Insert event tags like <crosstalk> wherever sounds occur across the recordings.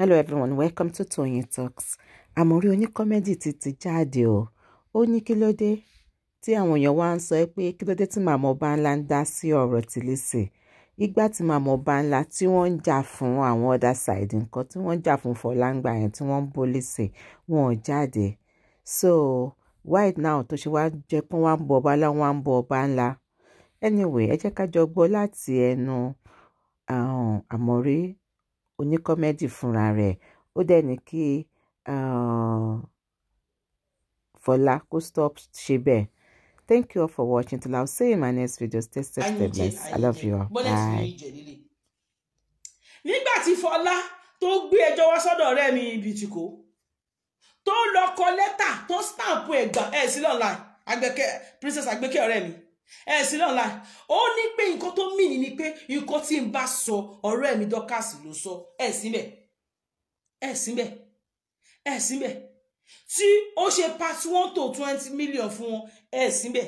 hello everyone welcome to Toyeen Talks àmọ́rí oníkọ́mẹ́dì ti ti jáde o ó ní kí ló dé tí àwọn èèyàn wá ń sọ ẹ pé kí ló dé tí màmá ọba ńlá ń dá sí ọ̀rọ̀ tí Lizzy ìgbà tí màmá ọba ńlá tí wọ́n ń jà fún àwọn other side nǹkan tí wọ́n ń jà fún Fọláńgbà yẹn tí wọ́n ń bó Lizzy wọn ò jáde so why now tó ṣe wá jẹ́ pé wọ́n á ń bọ ọba ńlá wọ́n á ń bọ ọba ńlá anyway ẹ jẹ́ ká jọ gbọ́ láti ẹnu um, àmọ́rí oníkọ́mẹ́dì fúnra rẹ̀ ó dẹ̀ ní kí uh, Fọlá kó stop ṣe bẹ́ẹ̀. Thank you all for watching. Till I'll see you in my next video. Stay safe, stay blessed. I love you all. Bye. Nígbà tí Fọlá tó gbé ẹjọ́ wá sọ́dọ̀ ọ̀rẹ́ mi Bìtìkó tó lọ kọ lẹ́tà tó stamp ẹ̀gbà ẹ̀ sílẹ̀ online Àgbẹ̀kẹ́ Princess Àgbẹ̀kẹ́ ọ̀rẹ́ mi ẹ sí náà láì ó ní pé nǹkan tó mìíní ni pé nǹkan tí n bá sọ ọ̀rẹ́ mi dọ́kàsì ló sọ ẹ síbẹ̀ ẹ síbẹ̀ ẹ síbẹ̀ tí ó ṣe part one to twenty million fún wọn ẹ síbẹ̀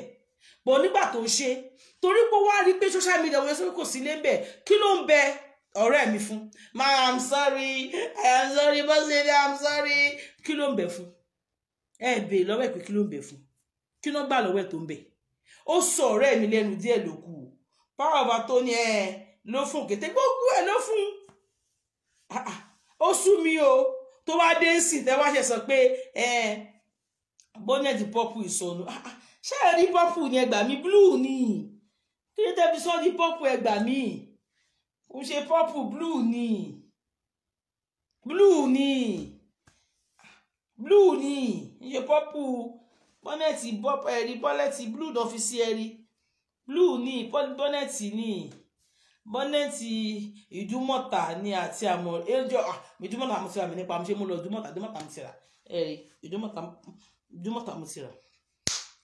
bọ̀ nígbà tó ń ṣe torí pé wá rí pé social media wọ́n sọ pé kò sí lé bẹ̀ kí ló ń bẹ ọ̀rẹ́ mi fún ma i'm sorry i am sorry bọ́sẹ̀lì i'm sorry kí ló ń bẹ fún ẹ bèè lọ́wọ́ ẹ̀ pé kí ló ń bẹ fún kí ló ń gbà lọ́wọ́ ẹ̀ tó ń bẹ̀ẹ́ ó sọ ọ̀rẹ́ mi lẹ́nu díẹ̀ ló kù power of attorney ẹ ló fún kété gbogbo ẹ ló fún ah, ah, ó sú mi o tó bá dé sí tẹ bá ṣe sọ pé bonnet purple ìsọnù ah, ṣé ẹ rí purple ni ẹgbàá mi blue ni kí ló tẹ́ fi sọ ní purple ẹgbàá mi kò ṣe purple blue ni blue ni blue ni ń ṣe purple bọ́nẹ̀tì ẹ̀rí bọ́nẹ̀tì blue ló fi sí ẹ̀rí blue ní ni ní bọ́nẹ̀tì ìdúmọ̀tà ní àti àmọ̀ ẹjọ́ eh, ah, ìdúmọ̀tà mo ti rà mí nípa mo ṣe mo lọ ìdúmọ̀tà ìdúmọ̀tà mo ti rà ẹ̀rí eh, ìdúmọ̀tà ìdúmọ̀tà mo ti rà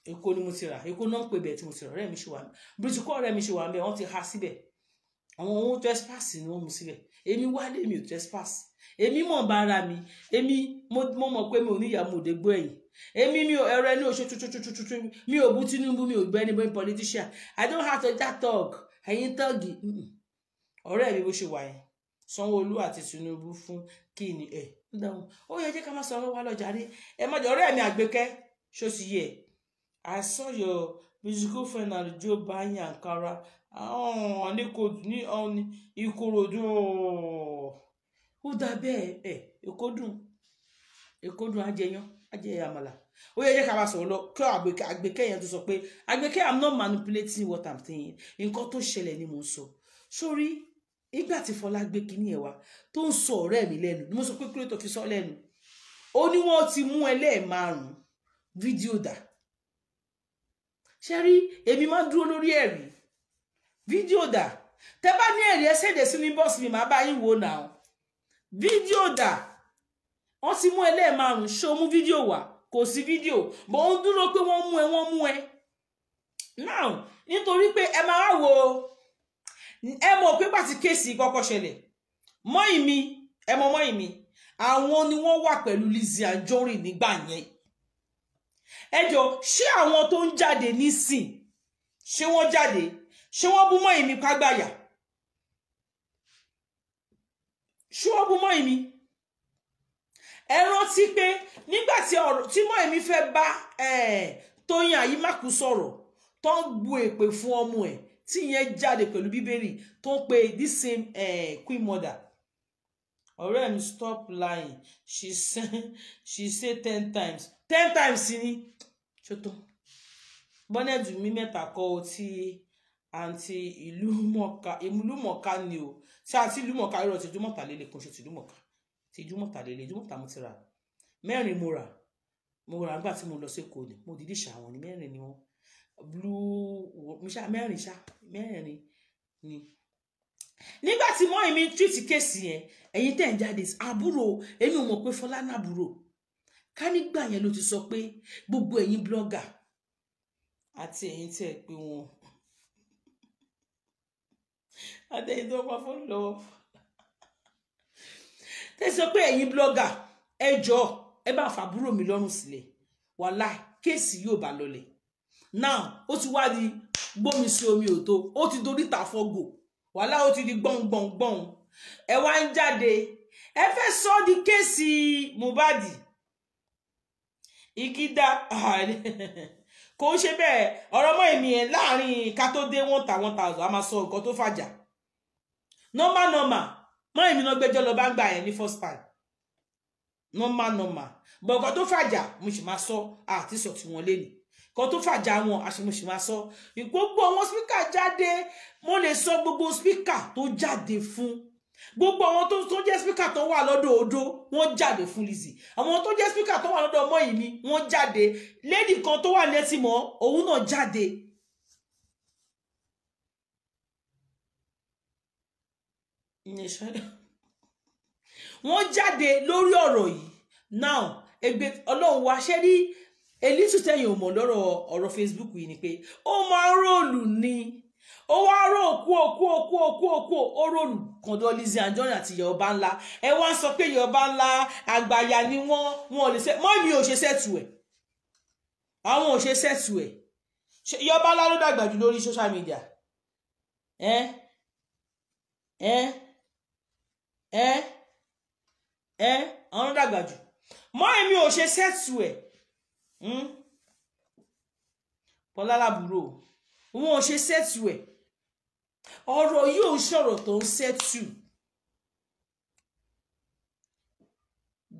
èkó ni mo ti rà èkó náà ń pè bẹ́ẹ̀ tí mo ti rà ọ̀rẹ́ mi ṣe wà bíríṣì kọ́ ọ̀rẹ́ mi ṣe wà ń bẹ́ẹ̀ wọ́n ti ha síbẹ̀ àwọn ohun trespass ni wọ́n mu síbẹ̀ èmi wálé mi ò trespass èmi mọ̀ bá ara mi èmi mo mọ̀ pé mi ò níyàá mo ò dé gbọ́ ẹ̀yìn èmi mi ò ẹrọ ẹni òṣù tututututu mi ò bú Tinubu mi ò gbẹ ẹni bóyin politician I don't have to that talk ẹ̀yin tọ́ọ̀gì ọ̀rẹ́ mi bó ṣe wà yẹn Sanwó-Olú àti Tinubu fún kí ni ẹ̀ ń dáhùn ó yẹ jẹ́ ká má sọ̀rọ̀ wá lọ́jà rí ẹ má jọ ọ̀rẹ́ mi àgbékẹ́ ṣó sì yẹ I saw your musical friend Aljo buying Ankara ní Ìkòròdú ó dà bẹ́ẹ̀ ẹ̀ Èkó dùn Èkó dùn ajẹyàn ajé àmàlà ó yẹ jẹ́ ká máa sọ̀rọ̀ lọ kí àgbékẹ́ yẹn tó sọ pé àgbékẹ́ i'm not manipulating what i'm saying nǹkan tó ṣẹlẹ̀ ni mò ń sọ sórí ìgbà tí fọlá gbé kinní ẹ̀ wá tó ń sọ ọ̀rẹ́ mi lẹ́nu ni mo sọ pé kí ló tó fi sọ lẹ́nu ó ní wọ́n ti mú ẹlẹ́ẹ̀márùn-ún fídíò dà ṣe rí èmi máa dúró lórí ẹ̀rí fídíò dà tẹ bá ní ẹ̀rí ẹ ṣèdè sí bọ́ọ̀sì mi màá bá yín wò náà fídíò dà wọ́n ti mú ẹlẹ́ẹ̀márùn ṣó mú fídíò wá kò sí fídíò bó ń dúró pé wọ́n mú ẹ wọ́n mú ẹ now nítorí pé ẹ máa wá wo ẹ mọ̀ pé pàtí kéèsì kọ́kọ́ ṣẹlẹ̀ mọ́yìn mi ẹ mọ̀ mọ́yìn mi àwọn ni wọ́n wà pẹ̀lú Lizzy Anjorin nígbà yẹn ẹ jọ ṣé àwọn tó ń jáde nísìn ṣé wọ́n jáde ṣé wọ́n bú mọ́yìn mi kágbáyà ṣé wọ́n bú mọ́yìn mi ẹ rántí pé nígbà tí ọ̀rọ̀ tí mọ́ èmi fẹ́ bá Tóyìn Àyímákù sọ̀rọ̀ tó ń gbu èpè fún ọmọ ẹ̀ tí yẹn jáde pẹ̀lú bíbélì tó ń pe this same queen mother ọ̀rẹ́ mi stop lying she say she say ten times ten times ni ṣótó bọ́nẹ́ẹ̀dù mi mẹ́ta kọ́ ọ tí àǹtí ìlú mọ̀ká ni o tí àǹtí ìlú mọ̀ká rírọ̀ tìjú mọ̀tàlélẹ́kùn ṣe tìlú mọ̀ká ti júmọ̀tà lélẹ̀ júmọ̀tà mo ti rà mẹ́rin mo rà mo rà nígbà tí mo lọ sí èkó ni mo dìídì ṣàwọn ni mẹ́rin ni wọ́n mẹ́rin ṣá mẹ́rin ni nígbà tí mọ́rin mi tírìtì kéèsì yẹn ẹ̀yin tẹ̀ ń jáde àbúrò èmi ò mọ̀ pé fọlá náà àbúrò ká nígbà yẹn ló ti sọ pé gbogbo ẹ̀yin blọ́gà àti ẹ̀yin tẹ̀ pé wọn <laughs> àtẹ̀yìn tó pa fóònù lọ́wọ́ tẹ́ sọ pé ẹ̀yin blọ́gà ẹ jọ ẹ bá fàbúrò mi lọ́rùn sílẹ̀ wàhálà kéèsì yóò bá lọlẹ̀ now ó ti wá di gbómi sí omi òtó ó ti dorí tàfọ́gò wàhálà o ti di gbọ̀ngbọ̀ngbọ̀n ẹ wá ń jáde ẹ fẹ́ sọ di kéèsì Mohbad ìkídà kò ń ṣe bẹ́ẹ̀ ọ̀rọ̀ mọ́ èmi ẹ̀ láàrin ká tó dé one thousand one a máa sọ nǹkan tó fàjà normal normal mọ́ èmi náà gbẹ́jọ́ lọ bá ń gbà yẹn ní first time normal normal bọ̀kọ́ tó fàjà mo sì máa sọ àti sọ tí wọ́n lé ni kọ́ tó fàjà wọn àti mo sì máa sọ gbogbo àwọn speaker jáde mo lè sọ gbogbo speaker tó jáde fún gbogbo àwọn tó tó jẹ́ spíkà tó wà lọ́dọ̀ odo wọ́n jáde fún Lizzy àwọn tó jẹ́ spíkà tó wà lọ́dọ̀ ọmọ yìí ni wọ́n jáde lady kan tó wà lẹ́tìmọ́ òun náà jáde wọ́n jáde lórí ọ̀rọ̀ yìí now egbe ọlọ́run wa ṣe rí elítù tẹ̀yìn òmò lọ́rọ̀ ọ̀rọ̀ Facebook yìí ni pé ó máa ń róòlù ni ó wá rò òkú òkú òkú òkú òkú ó róòlù kàndọ́ Lizzy Anjorin àti Yorùbá ńlá ẹ wá ń sọ pé Yorùbá ńlá àgbàyà ni wọ́n wọn ò lè ṣe mọ́ mi ò ṣe sẹ́tù ẹ̀ àwọn ò ṣe sẹ́tù ẹ̀ Yorùbá ńlá ló dàgbà jù lórí social media ẹ́ ẹ́. Eh, eh, àwọn dàgbà jù mọ èmi ò ṣe sẹ́ẹ̀tù ẹ̀ bọ́lá hmm? làbúrò wọn ò ṣe sẹ́ẹ̀tù ẹ̀ ọ̀rọ̀ yìí ò ń ṣọ̀rọ̀ tó ń sẹ́ẹ̀tù.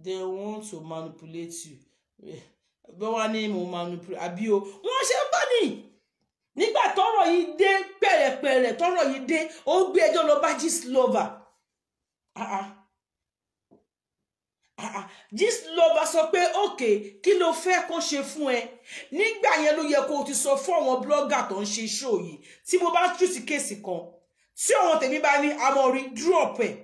they want to manipulate you bẹ́ẹ̀ wá ní mo manipulate àbí o wọ́n ṣe ń bá ní nígbà tọ́rọ̀ yìí dé pẹ̀rẹ̀pẹ̀rẹ̀ tọ́rọ̀ yìí dé ó gbé ẹjọ́ lọ bá gist lover gist ló bá sọ pé òkè kí ló fẹ́ kó ṣe fún ẹ nígbà yẹn ló yẹ kó o ti sọ fún àwọn blogger tó ń show yìí tí mo bá túsì kéèsì kan tí àwọn tèmi bá ní amọ̀rí drop ẹ̀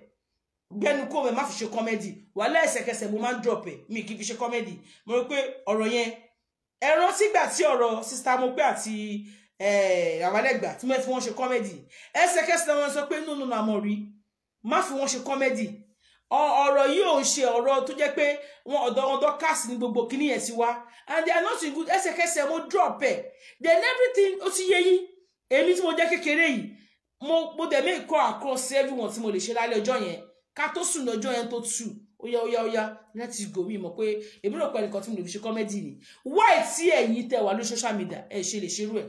gbẹnu kó mẹ má fi ṣe kọ́mẹ́dì wà lẹ́sẹ̀kẹsẹ̀ mo máa drop ẹ̀ mi kì fi ṣe kọ́mẹ́dì mo rò pé ọ̀rọ̀ yẹn ẹ rántí gbà tí ọ̀rọ̀ sista Mopé àti àwọn eh, ẹlẹ́gbà tí wọ́n ṣe kọ́mẹ́dì ẹsẹ̀kẹsẹ̀ wọn sọ pé nínú àmọ̀rí má fi wọn ṣe kọ́mẹ́dì ọ̀rọ̀ yìí ò ń ṣe ọ̀rọ̀ tó jẹ́ pé wọn ọ̀dọ̀ ọ̀dọ̀ káàsì ní gbogbo kìíní yẹn ti wá and they are not in good ẹsẹ̀kẹsẹ̀ mo drop ẹ̀ then everything ó ti yé yín èmi tí mo jẹ́ kékeré yìí mo mo dẹ̀ mí kọ́ across everyone tí mo lè ṣe lálẹ́ ọjọ́ yẹn ká tó sùn lọ́jọ́ yẹn tó tù ó yá ó yá ó yá láti gò mí mọ̀ pé èmi rò pé ẹnìkan tí mo lè fi ṣe kọ́mẹ́dì ni why tí ẹ̀yin tẹ̀ wá lórí social media ẹ̀ ṣe lè ṣerú ẹ̀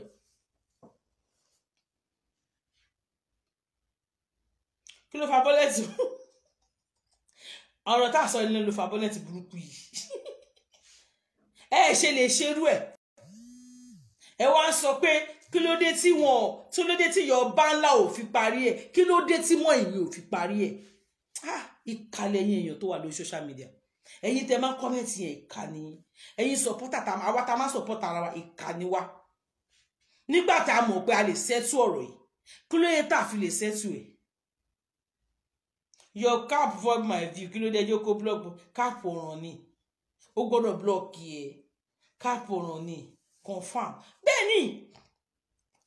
kí ló fa bọ́lẹ́tì ọ̀rọ̀ tá a sọ ilé ló fa bọ́lẹ́tì burúkú yìí ẹ ṣe lè ṣerú ẹ ẹ wá ń sọ pé kí ló dé tí wọn kí ló dé tí yọ bá ńlá ò fi parí ẹ kí ló dé tí wọn ìwé ò fi parí ẹ ah ìkàlẹ̀ ẹ̀yin èèyàn tó wà lórí social media ẹ̀yin tẹ máa ń kọ́mẹ̀tì yẹn ìkà ni ẹ̀yin sọ̀pọ́tà tá àwa tá máa ń sọ̀pọ́tà ara wa ìkà ni wa nígbà tá a mọ̀ pé a lè ṣẹ́tù ọ̀rọ̀ yìí kí ló yẹ tá a fi lè ṣẹ́tù ẹ̀ your cap void my view kí ló dé jókòó block cap ọ̀ràn ni ó gbọ́dọ̀ block yẹ cap ọ̀ràn ni confam bẹ́ẹ̀ ni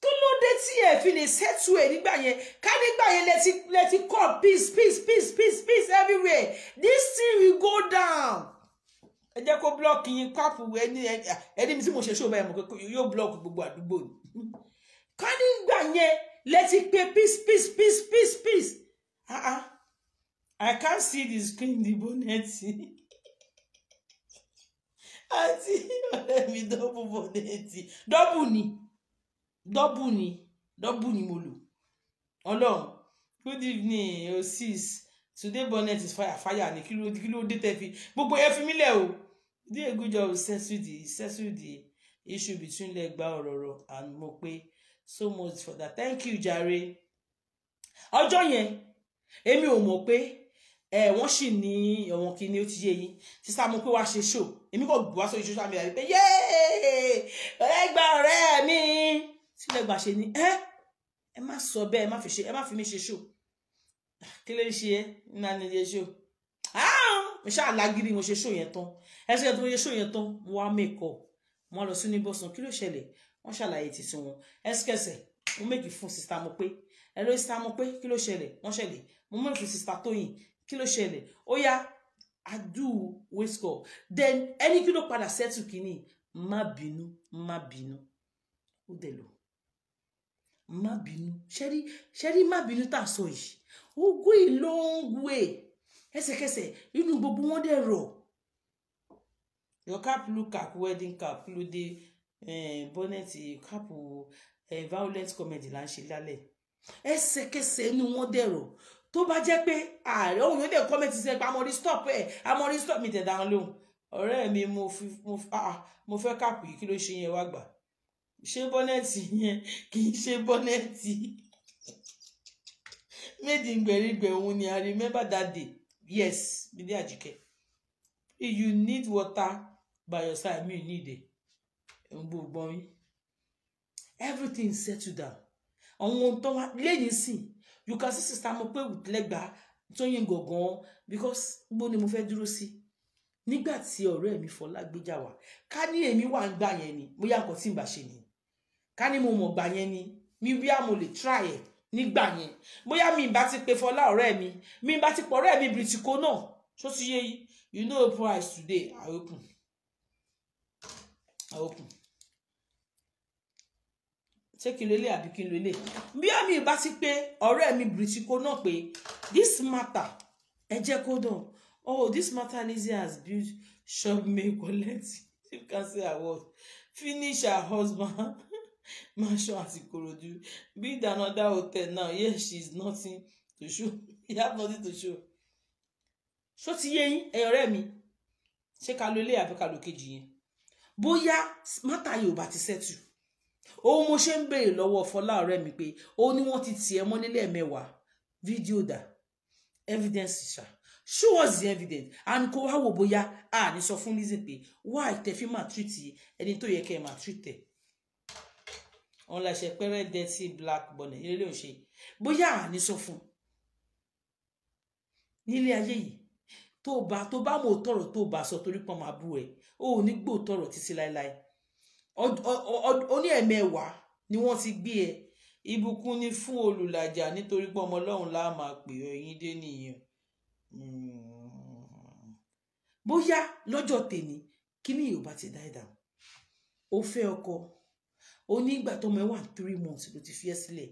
kí ló dé tí ẹ fi lè settle ẹ nígbà yẹn ká nígbà yẹn lẹ́tí lẹ́tí call peace peace peace peace peace everywhere this thing will go down ẹ jẹ́ kó block yín cap ẹni ẹni tí mo ṣe ṣó báyìí mo kọ́ yóò block gbogbo àdúgbò ni ká nígbà yẹn lẹ́tí pé peace peace peace peace peace ah ah I can't see the screen, the bonnet. Àǹtí <laughs> let me double bọ̀nẹ́ẹ̀tì. double ni. double ni. double ni mo Hello, Good evening, oh sis. Today bonnet is fire fire ni kí kilo, kí ló dé tẹ́ fi gbogbo ẹ fi mí o. Do a good job settle the settle the issue between Legba Roro and Mokwe. So much for that. Thank you Jerry. I'll join èmi ò mọ̀ pé ẹ eh, wọ́n sì ní ẹ̀wọ̀n kìíní ó ti yé yín sísá mo pé wá ṣe ṣò èmi kò gbọ́ sórí social media wípé yéé ẹgbà ọ̀rẹ́ mi sílẹ̀ gbà ṣe ni ẹ ẹ má sọ bẹ́ẹ̀ ẹ má fi ṣe ẹ má fi mí ṣe ṣò ah, kí ló ń ṣe ẹ nínú àníyẹ ṣò mo ṣáà lágírí mo ṣe ṣò yẹn tán ẹsẹ tó ṣe ṣò yẹn tán mo wá mẹkọ mo lọ sí ní bọ́sán kí ló ṣẹlẹ̀ wọ́n ṣàlàyé títí wọn ẹsẹkẹsẹ mo méjì fún sista mo pé ẹ ló sista mo pé kí ló ṣẹlẹ̀ wọ́n ṣẹlẹ̀ mo méjì fún sista tóyìn kí ló ṣẹlẹ̀ ó yá adu wesco then ẹni kí ló padà settle kínní má bínú má bínú ó dẹ̀ lọ má bínú ṣẹ́rí ṣẹ́rí má bínú tá a sọ yìí ó go a long way ẹsẹ̀kẹsẹ̀ inú gbogbo wọn dẹ̀ rọ̀ your cap look cap wedding cap ló dé eh, bonnet cap eh, violent comedy là ń ṣe lálẹ́ ẹsẹ̀kẹsẹ̀ inú wọn dẹ̀ rọ̀ tó bá jẹ́ pé ààrẹ òun yóò dé kọ́mẹ́tì sí ẹgbẹ́ amọ̀rí stop ẹ̀ amọ̀rí stop mi tẹ̀ dáhùn lóhùn ọ̀rẹ́ mi mo fi mo ah, fẹ́ kàpù yìí kí ló ṣe yẹn wá gbà ṣé bọ́nẹ́ẹ̀tì yẹn kì í ṣe bọ́nẹ́ẹ̀tì méjì gbẹ̀rígbẹ̀ òun ni i remember that day yes bídé àjíkẹ́ if you need water by your side me need it gbogbo yín everything settle down àwọn ohun tó wá lẹ́yìn sìn you can see sister mo pé with lẹ́gbàá yin gọ̀gàn because gbó ni mo fẹ́ dúró sí nígbà tí ọ̀rẹ́ mi fọlá gbéjà wá ká ní èmi wà ń gbà yẹn ni bóyá nǹkan tí ń bá ni ká ní mo mọ̀ gbà yẹn ni mi bí a mo try ẹ̀ nígbà yẹn bóyá mi bá ti pe fọlá ọ̀rẹ́ mi mi bá ti pọ̀ ọ̀rẹ́ mi bìrìtìkó náà ṣó ti yé yìí you know price today i open i open ṣé kí n lo ilé àbí kí n lo ilé bí àmì ìbá ti pé ọ̀rẹ́ mi bìrìtìkó náà pé this matter ẹ jẹ́ kó dàn oh this matter Lizzy has built shop me. collect <laughs> you can say award finish her husband mansion at Ikorodu build another hotel now yes she is nothing to show <laughs> you have nothing to show So ti yé yín ẹ̀yin ọ̀rẹ́ mi ṣé ká lo ilé àbí ká lo kejì yẹn bóyá matter yìí ò bá ti settle òun mo ṣe ń béèrè lọ́wọ́ Fọláọ̀rẹ́ mi pé ó ní wọ́n ti tiẹ̀ mọ́ nílé ẹ̀mẹ́wàá fídíò dà evidence ṣá show us the evidence and kó wá wò bóyá a ní sọ fún Lizzy pé why tẹ fi máa treat ẹni tó yẹ kẹ máa treat ẹ òun la ṣe pẹrẹ dirty black bonnet ilé ò ṣe bóyá a ní sọ fún nílé ayé yìí tó bá tó bá mọ̀ tọrọ tó bá sọ torí pọn máa bú ẹ o ò ní gbọ́ tọrọ títí láéláé ó ní ẹ̀mẹ́wàá ni wọ́n ti gbé ẹ ìbùkún ni fún olùlàjà nítorí pé ọmọ ọlọ́run la máa pè ọ ẹ̀yin dé nìyẹn hmm. bóyá lọ́jọ́ tèmi kíní yorùbá ti dá ẹ̀dá ó fẹ́ ọkọ ó ní ìgbà tó mẹ́wà three months ló ti fi ẹ́ sílẹ̀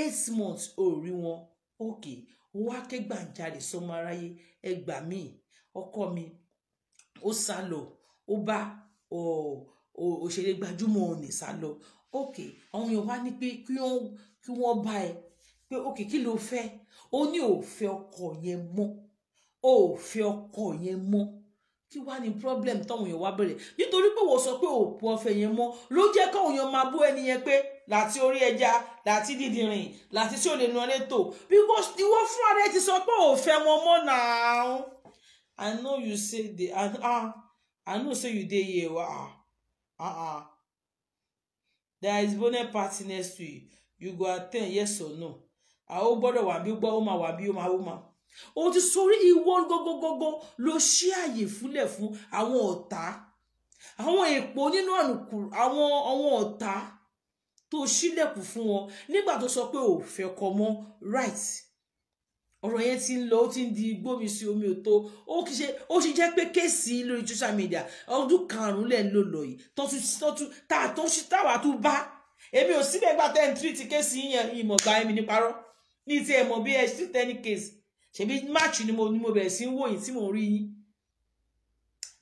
eight months ó rí wọn òkè ó wá kẹ́gbàjáde sọmọ aráyé ẹgbà míì ọkọ mi ó sá lọ ó bá òṣèré gbajúmọ̀ ò ní sá lọ òkè àwọn èèyàn wá ní pé kí wọ́n bá ẹ pé òkè kí ló fẹ́ ó ní òfẹ́ ọkọ yẹn mọ́ òfẹ́ ọkọ yẹn mọ́ kí wàá ní problem táwọn èèyàn wá bẹ̀rẹ̀ nítorí pé wò sọ pé òpó ọfẹ́ yẹn mọ́ ló jẹ́ káwọn èèyàn máa bú ẹni yẹn pé láti orí ẹja láti dídìrín láti tí ò lè nu létò because ìwọ fúnra rẹ ti sọ pé òfẹ́ wọn mọ́ náà i know you say they ah i know say you dey here ah uh-uh. there is bonnet party next week you go attend yes or no àwọn ó gbọ́dọ̀ wà bí gbọ́ ó máa wà bí ó máa ó máa ó ti sórí ìwọ gógógógó ló ṣí àyè fúnlẹ̀ fún àwọn ọ̀tá àwọn èèpo nínú ànùkù àwọn àwọn ọ̀tá tó ṣílẹ̀kùn fún wọn nígbà tó sọ pé ò fẹ́ kọ mọ́ right ọ̀rọ̀ yẹn ti ń lọ ó ti ń di igbó mi sí omi òtó ó kì í ṣe ó sì jẹ́ pé kéèsì lórí social media ọdún karùn-ún lẹ̀ ń lò lọ yìí tọ́tù tọ́tù tá a tó ṣe táwa tó bá èmi ò síbẹ̀ gba ten three ti kéèsì yẹn ìmọ̀ gba èmi ní parọ́ ní ti ẹ̀mọ́ bí ẹ sí ten case ṣèbí march ni mo ni mo bẹ̀rẹ̀ sí ń wò yín tí mò ń rí yín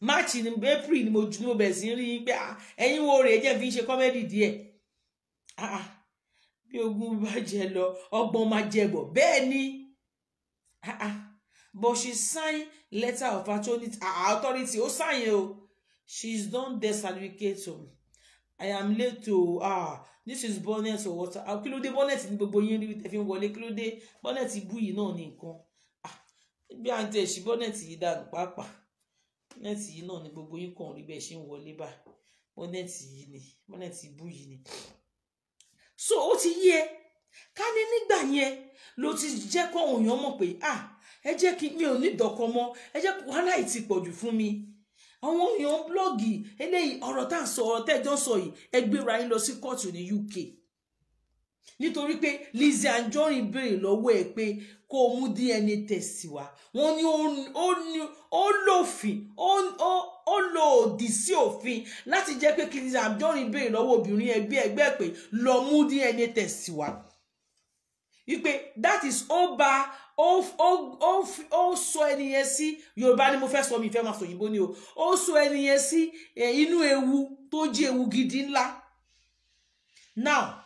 march ni april ni mo ni mo bẹ̀rẹ̀ sí ń rí yín pé ah, ẹ̀yin wo rèé jẹ́ fi ń ṣe kọ́mẹ́dì díẹ̀ ah, ah, bí ogun bá jẹ lọ ọgbọ́n máa jẹ bọ̀ bẹ́ẹ̀ ni ah ah but she sign letter of authority ah, ah authority ó sign yẹn o she's don decertificate o i am late to ah this is bonnet or water ah kí ló bonnet ní gbogbo yín rí tẹfí ń wọlé kí ló bonnet bú yìí náà ní nǹkan ah bí à ń tẹ bonnet yìí dànù pàápàá bonnet yìí náà ní gbogbo yín kàn rí bẹ́ẹ̀ ṣe ń wọlé bá bonnet yìí ni bonnet bú yìí ni so ó ti yé ká ní nígbà yẹn ló ti jẹ́ kó àwọn èèyàn mọ̀ pé ah ẹ jẹ́ kí mi ò ní ìdọ̀kọ mọ́ ẹ jẹ́ kí wàhálà yìí ti pọ̀jù fún mi àwọn èèyàn blọ́ọ̀gì eléyìí ọ̀rọ̀ tá à ń sọ ọ̀rọ̀ tẹ́jọ́ sọ yìí ẹ gbéra yín lọ sí kóòtù ní UK nítorí pé Lizzie Anjorin béèrè lọ́wọ́ ẹ̀ pé kó o mú DNA test wá wọ́n ní ó lòfin ó lò òdì sí òfin láti jẹ́ pé kí Lizzie Anjorin béèrè lọ́wọ́ obìnrin ẹgbẹ́ ẹgbẹ́ pé lọ mú DNA test wá wípé that is ó ba ó ó ó sọ ẹni yẹn sí yorùbá ni mo fẹ́ sọ mi fẹ́ máa sọ òyìnbó ni o ó sọ ẹni yẹn sí inú ewu tó jẹ́ ewu gidi ńlá now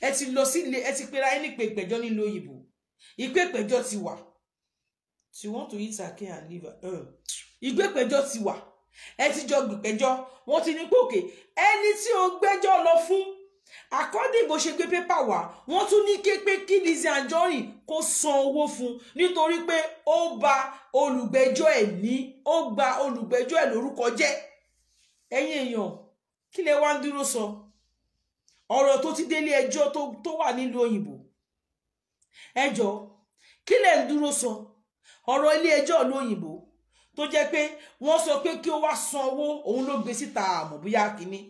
ẹ ti lọ sí ilé ẹ ti pera ẹni pé ìpẹ̀jọ́ nílùú òyìnbó ìpè ìpẹ̀jọ́ ti wà she want to eat her and liver? her ìgbé ìpẹ̀jọ́ ti wà ẹ ti jọ gbìpẹ̀jọ́ wọ́n ti ní pé òkè ẹni tí o gbẹ́jọ́ lọ fún according bó ṣe gbé pépà wá wọ́n tún ní ké pé kí Lizzy Anjorin kó san owó fún nítorí pé ó bà olùgbẹ́jọ́ ẹ̀ ní ó bà olùgbẹ́jọ́ ẹ̀ lórúkọ jẹ́ ẹ̀yin èèyàn kí lẹ wá ń dúró sọ ọ̀rọ̀ tó ti délé ẹjọ́ tó wà nílùú òyìnbó ẹjọ́ kí lẹ ń dúró sọ ọ̀rọ̀ ilé ẹjọ́ lóyìnbó tó jẹ́ pé wọ́n sọ pé kí ó wá san owó òun ló gbé síta àmọ́ bóyá kínní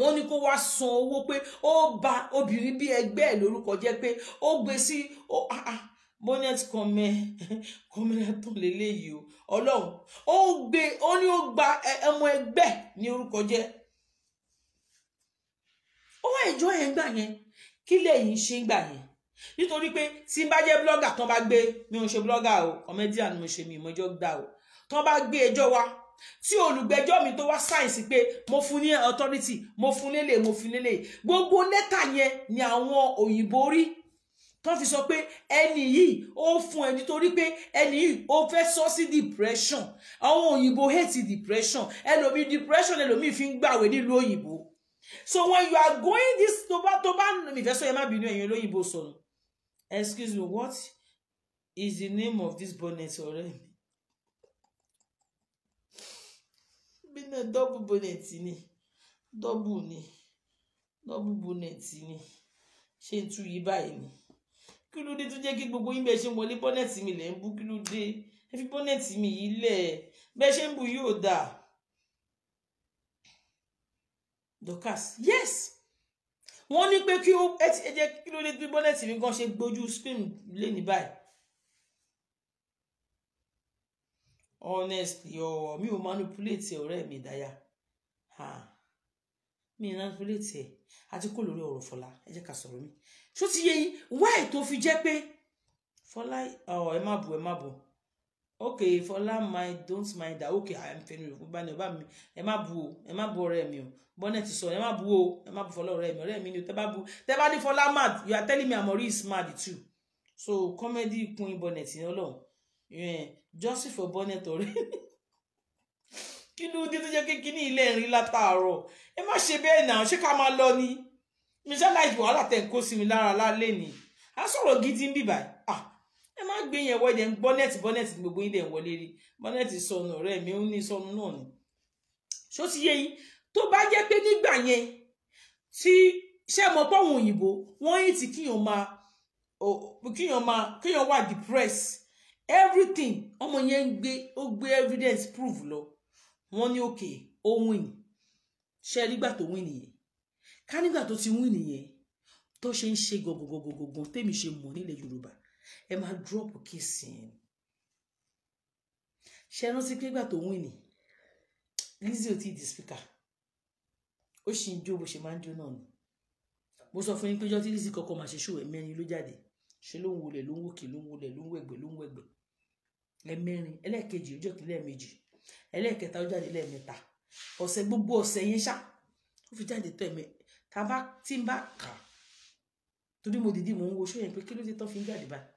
wọ́n ní kó wá san owó pé ó bà obìnrin bí ẹgbẹ́ ẹ̀ lórúkọ jẹ́ pé ó gbé sí ó ah, ah, bonnet kọmẹ <laughs> kọmẹlẹ tán lélẹyìí o Ọlọ́run ó gbé ó ní ó gba ọmọ ẹgbẹ́ ní orúkọ jẹ́ ó wá ìjọ yẹn gbà yẹn kí lẹ́yìn ṣe ń gbà yẹn nítorí pé tí n bá jẹ́ blogger tán bá gbé mi ò ṣe blogger o comedian mo ṣe mi ìmọ̀jọ́ gbà o tán bá gbé ẹjọ́ wa tí olùgbẹ́jọ́ mi tó wá sáyẹ̀nsì pé mo fún ní authority mo fún lélẹ̀ mo fún lélẹ̀ gbogbo lẹ́tà yẹn ni àwọn òyìnbó rí tán fi sọ pé ẹni yìí ó fún ẹ nítorí pé ẹni yìí ó fẹ́ sọ sí depression àwọn òyìnbó hate depression ẹlòmíì depression ẹlòmíì fi ń gbàwé nílùú òyìnbó so when you are going this to bá tó bá mi fẹ́ sọ yẹn má bínú ẹ̀yin olóyìnbó sọ̀rọ̀ excuse me what is the name of this bonnet ọ̀rẹ́ bí náà double bonnet ni double ni double bonnet ni ṣé n tú báyìí ni kí ló dé tó jẹ́ kí gbogbo yín bẹ́ẹ̀ ṣe wọlé bọ́nẹ̀tì mi lẹ̀ ń bú kí dé ẹ fi mi yìí lẹ̀ bẹ́ẹ̀ ṣe ń bù yóò dà Dorkas yes wọ́n ní pé kí ó ẹ jẹ́ kí ló dé bí bọ́nẹ̀tì mi gan ṣe gbójú screen lé ní báyìí honestly ọ̀rọ̀ me ò manipulate ọ̀rẹ́ mi dáyà mi ò manipulate ẹ̀ àti kó lórí ọ̀rọ̀ Fọlá ẹ jẹ́ ká sọ̀rọ̀ mi ṣó ti yé yín wáì tó fi jẹ́ pé Fọlá ọ̀ ẹ má bù ẹ má bù ok Fọlá mind don't mind that ok i'm fẹnu rẹ fún báyìí ọba mi ẹ má bù o ẹ má bù ọ̀rẹ́ mi o bọ́nẹ̀tì sọ ẹ má bù o ẹ má bù Fọlá ọ̀rẹ́ mi ọ̀rẹ́ mi ni o tẹ́ bá bù tẹ́ bá ní mad you are telling me Amori is mad too so comedy kun bọ́nẹ̀tì ni ọlọ́run Joseph for bonnet ọ̀rẹ́ kí ló dé tó jẹ́ kékeré ní ilé ẹ̀rín látàárọ̀ ẹ má ṣe bẹ́ẹ̀ náà ṣé ká máa lọ ni michelle láìpẹ́ wàhálà tẹ̀ kó sí lára lálẹ́ ni a sọ̀rọ̀ gidi ń bìbà ah ẹ má gbé yẹn wọ ẹ̀dẹ̀ ń bonnet bonnet gbogbo yín dẹ̀ ń wọlé rí bonnet sọnù ọ̀rẹ́ mi ń ní sọnù náà ni ṣó ti yé yín tó bá jẹ́ pé nígbà yẹn tí ṣé mo pọ̀ wọn òyìnbó wọ́n yìí ti kíyàn máa kíyàn máa kíyàn wà depressed everything ọmọ yẹn ń gbé ó gbé evidence proof lọ wọ́n ní òkè ó win ṣe nígbà tó win nìyẹn ká nígbà tó ti win nìyẹn tó ṣe ń ṣe gọ̀gọ̀gọ̀gọ̀gọ̀ tèmi ṣe mọ̀ nílẹ̀ yorùbá ẹ máa drop kissing. yẹn ṣe rántí pé nígbà tó win ni Lizzy ò tí ì di speaker ó sì ń jó bó ṣe máa ń jó náà ni mo sọ fún yín pé jọ́tí Lizzy kọ́kọ́ máa ṣe ṣòwò ẹ̀mẹ́rin ló jáde ṣe ló ń wọlé ló ń wòkè ló ń wọlé ló ń wẹ̀gbẹ́ ló ń wẹ̀gbẹ́ ẹ̀mẹrin ẹlẹ́ẹ̀kejì ó jòkè lẹ́ẹ̀mejì ẹlẹ́ẹ̀kẹta ó jáde lẹ́ẹ̀mẹta ọ̀sẹ̀ gbogbo ọ̀sẹ̀ yẹn ṣá ó fi jáde tó ẹ̀mẹ tá a bá tí n bá kà á torí mo dìdí mò ń wo ṣó yẹn pé kí ló dé tán fi ń jáde báyìí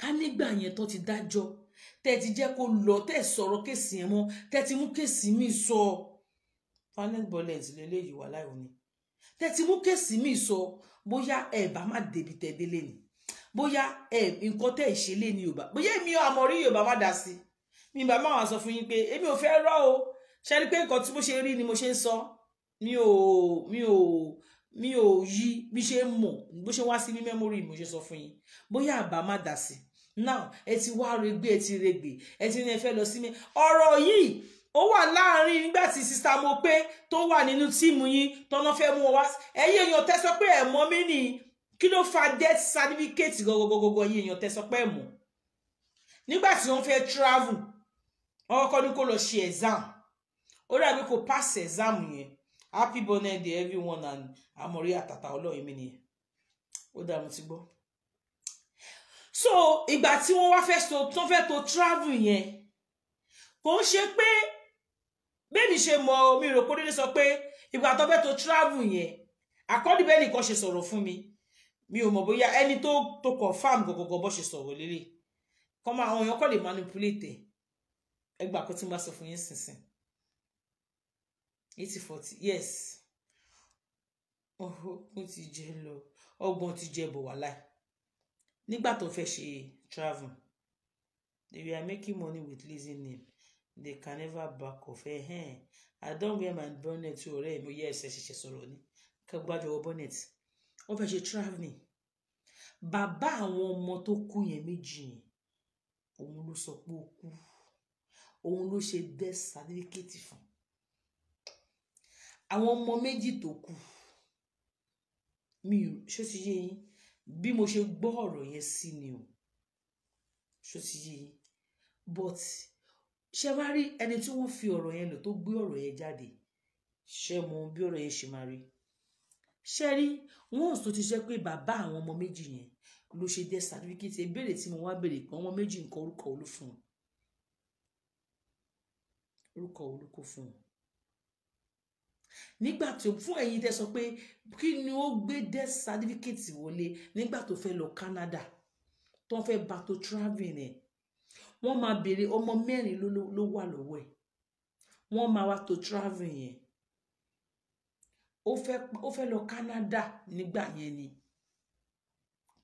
ká nígbà yẹn tó ti dájọ́ tẹ́ ti jẹ́ kó lọ tẹ́ sọ̀rọ̀ kéèsì yẹn mọ́ tẹ́ ti mú kéèsì míì sọ violent violence lélẹ́yìí wà láìwọ ni tẹ́ ti mú kéèsì míì sọ bóyá ẹ bá má débi tẹ́ délé ni bóyá ẹ nǹkan tẹ́ ẹ̀ ṣe lé ní yorùbá bóyá èmi àmọ̀rí yorùbá má dá sí mi bàbá máa sọ fún yín pé èmi ò fẹ́ rọ́ o ṣe pé nǹkan tí mo ṣe rí ni mo ṣe ń sọ mi ò mi ò mi ò yí bí ṣe ń mọ̀ bó ṣe wá sí ní mẹ́mórì mo ṣe sọ fún yín bóyá àbá má dá sí now ẹ ti wá regbé ẹ ti regbè ẹ ti ní ẹ fẹ́ lọ sí mi ọ̀rọ̀ yìí ó wà láàrin nígbà tí sista mo pé tó wà nínú tíìmù yín tọ́nà fẹ́ mú ọ wá ẹ̀yin èèyàn tẹ́ pé ẹ̀ mọ́ mí nìyí kí ló fa death certificate gọgọgọgọgọ yìí èèyàn tẹ sọ pé mọ nígbà tí wọ́n fẹ́ travel wọ́n kọ́ ní kó lọ ṣe exam ó dàbí kó pass exam yẹn happy birthday everyone and amori àtàtà ọlọ́run mi nìyẹn ó dààmú ti gbọ́. so ìgbà tí wọ́n wá fẹ́ so tó fẹ́ to travel yẹn kò ń ṣe pé bẹ́ẹ̀ni ṣe mọ omi rò kó dédé sọ pé ìgbà tó fẹ́ tó travel yẹn àkọ́dí bẹ́ẹ̀ nìkan ṣe sọ̀rọ̀ fún mi mi ò mọ̀ bóyá ẹni tó tó confam gọ̀gọ̀gọ̀ bó ṣe sọ̀rọ̀ lélẹ̀ kọ́ máa àwọn èèyàn kọ́ lè manipulate ẹgbà kó tí n bá sọ fún yín sínsìn eighty forty yes ọgbọ́n ti jẹ lọ ọgbọ́n ti jẹ bọ̀ wá láì nígbà tó fẹ́ ṣe travel they were making money with leasing name they can never back off ẹ̀hẹ́n i don wear my bonnet ọ̀rẹ́ mi yẹ́ ẹ̀sẹ̀ ṣẹ̀ṣẹ̀ sọ̀rọ̀ ni kẹ́ gbájọ wọ bonnet wọ́n fẹ́ ṣe traveling bàbá àwọn ọmọ tó kú yẹn méjì yẹn òun ló sọ pé ó kú òun ló ṣe death certificate fún àwọn ọmọ méjì tó kù mi ṣó ti yé yín bí mo ṣe gbọ́ ọ̀rọ̀ yẹn sí ni o ṣó ti yé yín but ṣe wá rí ẹni tí wọ́n fi ọ̀rọ̀ yẹn lò tó gbé ọ̀rọ̀ yẹn jáde ṣe mọ̀ bí ọ̀rọ̀ yẹn ṣe máa rí ṣe rí once tó ti jẹ́ pé bàbá àwọn ọmọ méjì yẹn ló ṣe dé certificate ìbéèrè tí mo wá béèrè pé ọmọ méjì nǹkan orúkọ olú fún un orúkọ olúkọ fún un nígbà tó fún ẹ̀yin tẹ́ sọ pé kí ni ó gbé dé certificate wọlé nígbà tó fẹ́ lọ Canada tó ń fẹ́ bá tó travelling ẹ̀ wọ́n máa béèrè ọmọ mẹ́rin ló wà lọ́wọ́ ẹ̀ wọ́n máa wá tó travelling yẹn ó fẹ́ ó fẹ́ lọ Canada nígbà yẹn ni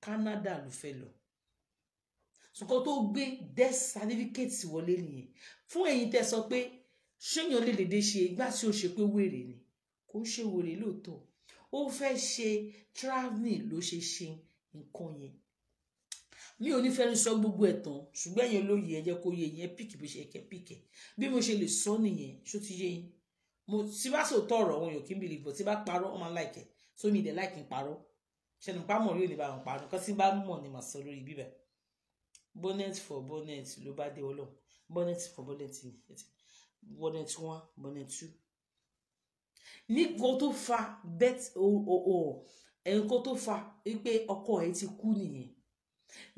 Canada ló fẹ́ lọ sùkọ́ tó gbé death certificate wọlé nìyẹn fún ẹ̀yin tẹ́ sọ pé ṣéyàn lè dédé ṣe ìgbà tí ó ṣe pé wèrè ni kò ṣe wèrè lóòótọ́ ó fẹ́ ṣe traveling ló ṣe ṣe nǹkan yẹn mi ò ní fẹ́ sọ gbogbo ẹ̀ tán ṣùgbọ́n ẹ̀yin olóye ẹ jẹ́ kó yé yẹn píkì bó ṣe kẹ́ píkì bí mo ṣe lè sọ nìyẹn ṣó ti yé yín mo tí bá sọ tọrọ òun yóò kí n believe tí bá parọ́ ọmọ láìkẹ so mi dẹ láìkí n parọ́ ṣẹnu pamọ rí òní bá wọn parọ́ nǹkan bá mọ̀ ni mà sọ lórí bíbẹ bonnet for bonnet ló bá dé Ọlọ́run bonnet for bonnet bonnet one bonnet two ní kó tó fa bet o ẹ̀yìn kó tó fa wípé ọkọ ẹ̀ ti kú nìyẹn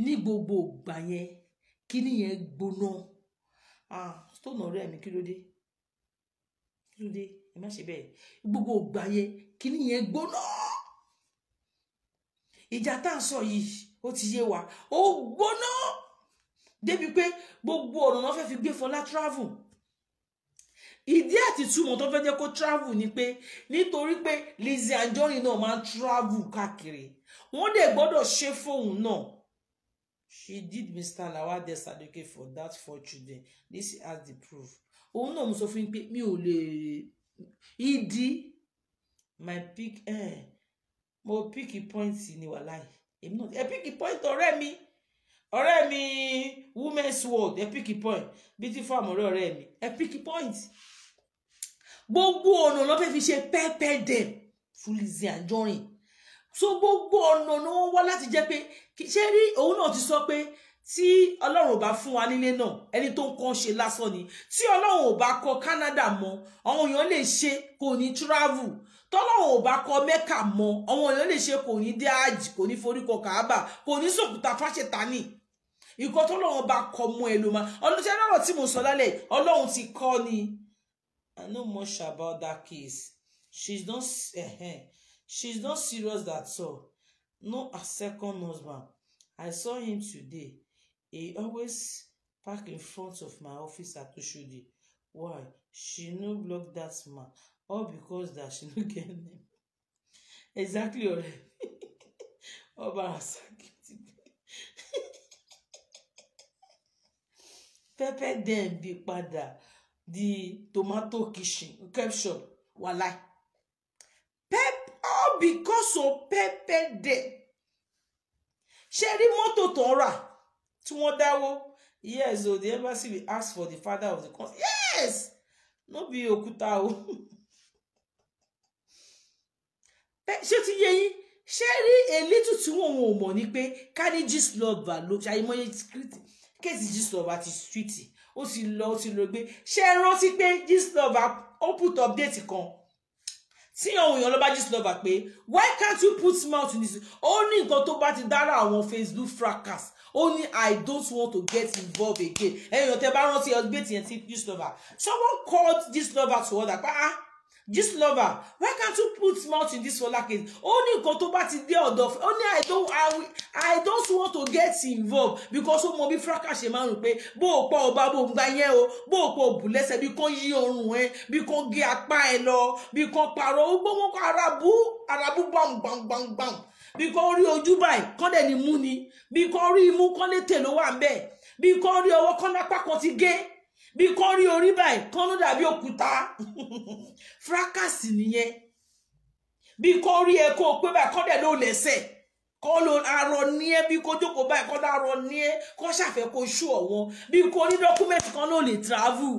ní gbogbo ìgbà yẹn kí nìyẹn gbóná ah stone ọ̀rẹ́ mi kí ló dé Túndé ẹ má ṣe bẹ́ẹ̀ gbogbo ògbà yẹn kíní yẹn gbóná ìjà tá à ń sọ yìí ó ti yé wa ó gbóná débi pé gbogbo ọ̀nà wọn fẹ́ fi gbé Fọlá travel ìdí àti túmọ̀ tó fẹ́ jẹ́ kó travel ni pé nítorí pé Lizzy Anjorin náà máa ń travel káàkiri wọ́n dẹ̀ gbọ́dọ̀ ṣe fóun náà she did Mr. Lawal Adesadoke for that four children Lizzy has the proof òun náà mo sọ fún yín pé mi ò lè ìdí my pick eh, mo pick point ni wàhálà yìí èmi náà ẹ pick point ọ̀rẹ́ mi ọ̀rẹ́ mi women's world ẹ pick point beauty farm ọ̀rẹ́ ọ̀rẹ́ mi ẹ pick point gbogbo ọ̀nà ló fẹ́ fi ṣe pẹ́pẹ́ dẹ̀ fún Lizzy so gbogbo ọ̀nà ni wọ́n wá láti jẹ́ pé ṣé rí òun náà ti sọ pé tí ọlọ́run bá fún wa nílé náà ẹni tó ń kọ́ ṣe lásán ni tí ọlọ́run bá kọ Canada mọ́ àwọn èèyàn lè ṣe kò ní travel tọ́lọ́run ò bá kọ Mẹ́kà mọ́ àwọn èèyàn lè ṣe kò ní dé àjì kò ní foríkọ Kàábà kò ní sòkúta fáṣetánì ìkọ́ tọ́lọ́run bá kọ mọ́ ẹ ló máa ọlọ́tí ẹlọ́rọ̀ tí mo sọ lálẹ́ ọlọ́run ti kọ́ ni I know much about that case she's not eh, she's not serious at all no her second husband I saw him today he always park in front of my office at oshodi why she no block that man all because that she no <laughs> get name exactly ọ̀rẹ́ ọba asaki ti bẹ pepper dem bi tomato kitchen Caption. walai pep all because of Pepe dem ṣe rí mọ́tò tó tí wọ́n dáwó yes o the embassy will ask for the father of the country yes no be òkúta o <laughs> ṣé ti yé yín ṣé rí elétù tí wọn ò mọ̀ ni pé káni Gistlover ló ṣàyẹmọye kéèsì Gistlover ti streeti ó ti lọ ó ti lọ gbé ṣé ẹ rántí pé Gistlover ó put update kan tí àwọn èèyàn ló bá Gistlover pé why can't you put mouth in this ó ní nǹkan tó bá ti dára àwọn Facebook fracas ó ní i don't want to get involved again ẹ̀yin ọ̀tẹ̀ bá rántí ọgbẹ́ tiẹ̀ ti lover. someone called Gistlover to order pa ah lover. why can't you put mouth in this Fola case ó ní nǹkan tó bá ti dé ọ̀dọ̀ ó ní i don't i, I don't want to get involved because ó mọ bí fraka ṣe máa ń rò pé bó o pa ọba bó o gba yẹn o bó o pa òbú lẹ́sẹ̀ bí kò yí ọrùn ẹ bí kò gé apá ẹ lọ bí kò parọ́ ó gbọ́ wọn kó arabu arabu gbàngbàngbàngbàng bí kò rí ojú báyìí kán dẹ̀ ní mú ni bí kò rí imú kán lè tè ló wà ń bẹ̀ bí kò rí ọwọ́ kán lápá kan ti gé bí kò rí orí báyìí kán ló dàbí òkúta <laughs> fúrákàsì nìyẹn bí kò rí ẹ kó pé báyìí kán dẹ̀ ló lẹ́sẹ̀ kọ́ ló arọ ní ẹ bí kò jókòó báyìí kọ́ dárọ ní ẹ kọ́ ṣàfẹ́ kó ṣú ọ̀wọ́n bí kò ní dọ́kúmẹ́ntì kan ló lè travel